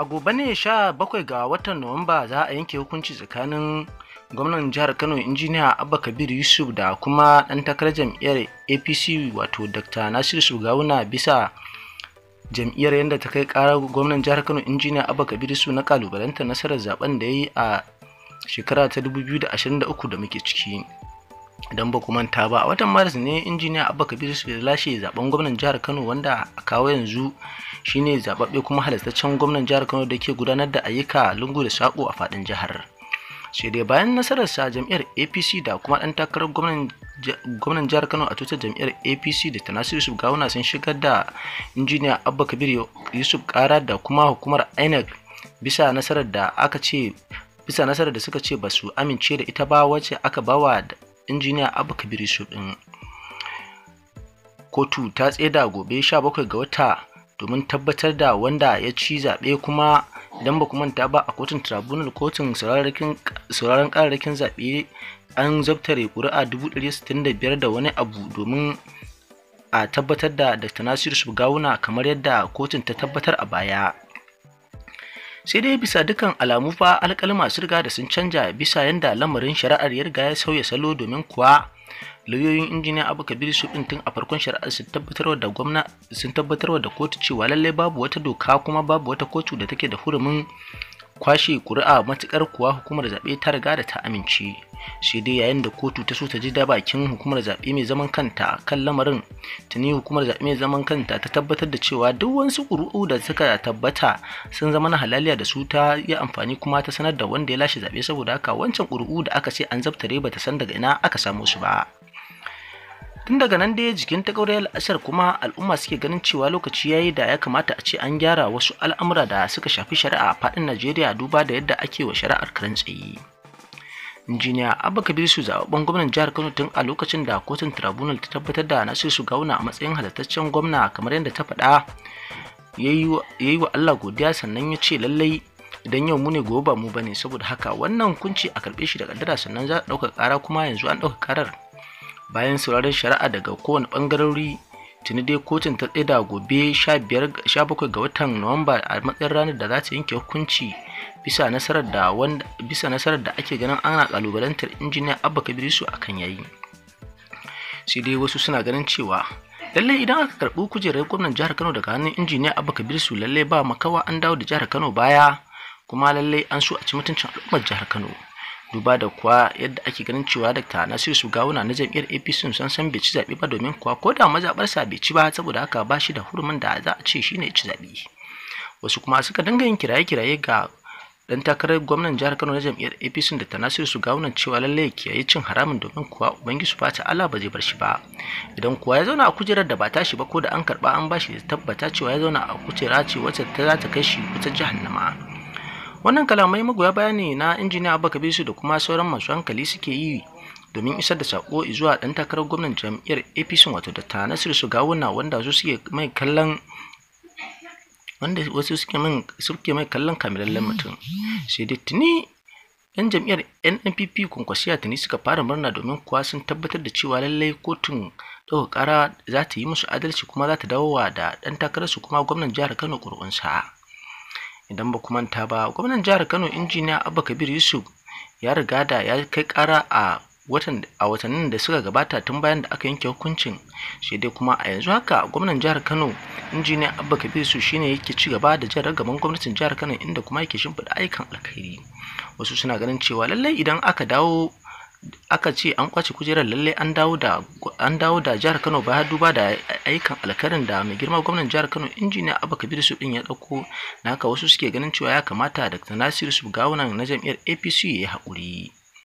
a gobe ne sha bakwai ga watan nuwamba za a yanke hukunci tsakanin gwamnan jihar kano injiniya abba kabir yusuf da kuma ɗan takarar jam'iyyar apc wato dr nasiru sugawuna bisa jam'iyyar yadda ta kai kara gwamnan jihar kano injiniya abba kabir yusuf na kalubalanta nasarar zaben da ya yi a shekara ta 2023 da muke ciki don ba ku manta ba a watan maris ne injiniya abba kabiru su lashe zaben gwamnan jihar kano wanda a kawo yanzu shine zababbe kuma halittaccen gwamnan jihar kano da ke gudanar da ayyuka lungu da sako a fadin jihar sai dai bayan nasarar sa jam'iyyar apc da kuma ɗan takarar gwamnan jihar kano a tutar jam'iyyar apc da ta nasiru yusuf gawuna sun shigar da injiniya abba kabir yusuf kara da kuma hukumar inec bisa nasarar da aka ce bisa nasarar da suka ce ba su amince da ita ba wacce aka bawa injiniya abu kabir yusuf kotu ta tseda gobe 17 ga wata domin tabbatar da wanda ya ci zaɓe kuma idan ba manta ba a kotun tribunal kotun sauraron kararrakin zaɓe an zabtare ƙuri'a 165 da wani abu domin a tabbatar da dr nasiru shugawuna kamar yadda kotun ta tabbatar a baya sai dai bisa dukan alamu fa alkalma sun riga da sun canja bisa yadda lamarin shari'ar ya riga ya sauya salo domin kuwa lauyoyin injiniya abu kabiru su din tun a farkon shari'ar sun tabbatarwa da sun tabbatarwa da kotu cewa lallai babu wata doka kuma babu wata kotu da take da hurumin kwashe kuri'a, matuƙar kuwa hukumar zaɓe ta riga da ta amince sai dai yayin da kotu ta so ta ji da bakin hukumar zaɓe mai zaman kanta kan lamarin tuni hukumar zaɓe mai zaman kanta ta tabbatar da cewa duk wasu ƙuri'u da suka tabbata sun zama na halaliya da su ta yi amfani kuma ta sanar da wanda ya lashe zaɓe saboda haka wancan ƙuri'u da aka ce an zabtare ba ta san daga ina aka samo su ba. tun daga nan dai jikin ta gauriyar asar kuma al'umma suke ganin cewa lokaci ya yi da ya kamata a ce an gyara wasu al'amura da suka shafi shari'a a faɗin najeriya duba da yadda ake wa shari'ar karen tsaye injiniya abba kabir su zaɓaɓɓen gwamnan jihar kano tun a lokacin da kotun tribunal ta tabbatar da nasiru su gauna a matsayin halittaccen gwamna kamar yadda ta faɗa ya yi wa allah godiya sannan ya ce lallai idan yau mu ne gobe ba mu ba ne, saboda haka wannan kunci a karɓe shi da kaddara sannan za a ɗauka ƙara kuma yanzu an ɗauka ƙarar bayan sauraron shari'a daga kowane bangarori tuni dai kotun ta tsaida gobe 17 ga watan nuwamba a matsayin ranar da za ta yanke hukunci bisa nasarar da ake ganin ana kalubalantar injiniya abba kabirisu akan yayi sai dai wasu suna ganin cewa lallai idan aka karɓi kujerar gwamnan jihar kano daga hannun injiniya abba kabirisu lallai ba makawa an dawo da jihar kano baya kuma lallai an so a ci mutuncin al'ummar jihar kano duba da kuwa yadda ake ganin cewa dakta nasiru sugawuna na jam'iyyar apc sun san bai ci zaɓe ba domin kuwa ko da sa bai ci ba saboda haka ba shi da hurumin da za a ce shine ci zaɓe wasu kuma suka dinga yin kiraye-kiraye ga dan takarar gwamnan jihar kano na jam'iyyar apc da ta nasiru su cewa lalle ya kiyaye cin haramun domin kuwa ubangiji fata allah ba zai bar shi ba idan kuwa ya zauna a kujerar da ba ta shi ba ko da an karba an ba da tabbata cewa ya zauna a kujera ce wacce ta za ta kai shi wata jahannama wannan kalamai magoya baya ne na injiniya abba kabisu da kuma sauran masu hankali suke yi domin isar da sako zuwa dan takarar gwamnan jam'iyyar apc wato da ta nasiru su gawuna wanda su suke mai kallon wanda wasu suke min suke mai kallon kamilallen mutum sai da tuni yan jam'iyyar nnpp kwankwasiya tuni suka fara murna domin kuwa sun tabbatar da cewa lallai kotun ɗaukar kara za ta yi musu adalci kuma za ta dawo da ɗan takararsu kuma gwamnan jihar kano ƙuri'unsa idan ba manta ba gwamnan jihar kano injiniya abba kabir yusuf ya riga da ya kai kara a watan a watannin da suka gabata tun bayan da aka yanke hukuncin shi dai kuma a yanzu haka gwamnan jihar kano injiniya abba kabir yusuf shine yake ci gaba da jan gaban gwamnatin jihar kano inda kuma yake shimfiɗa ayyukan alkhairi wasu suna ganin cewa lallai idan aka dawo aka ce an kwace kujerar lalle an dawo da jihar Kano ba duba da aikan alkarin da mai girma gwamnan jihar Kano injiniya abu kabiru su ɗin ya ɗauko na haka wasu suke ganin cewa ya kamata da Nasiru su gawunan na jam'iyyar APC ya haƙuri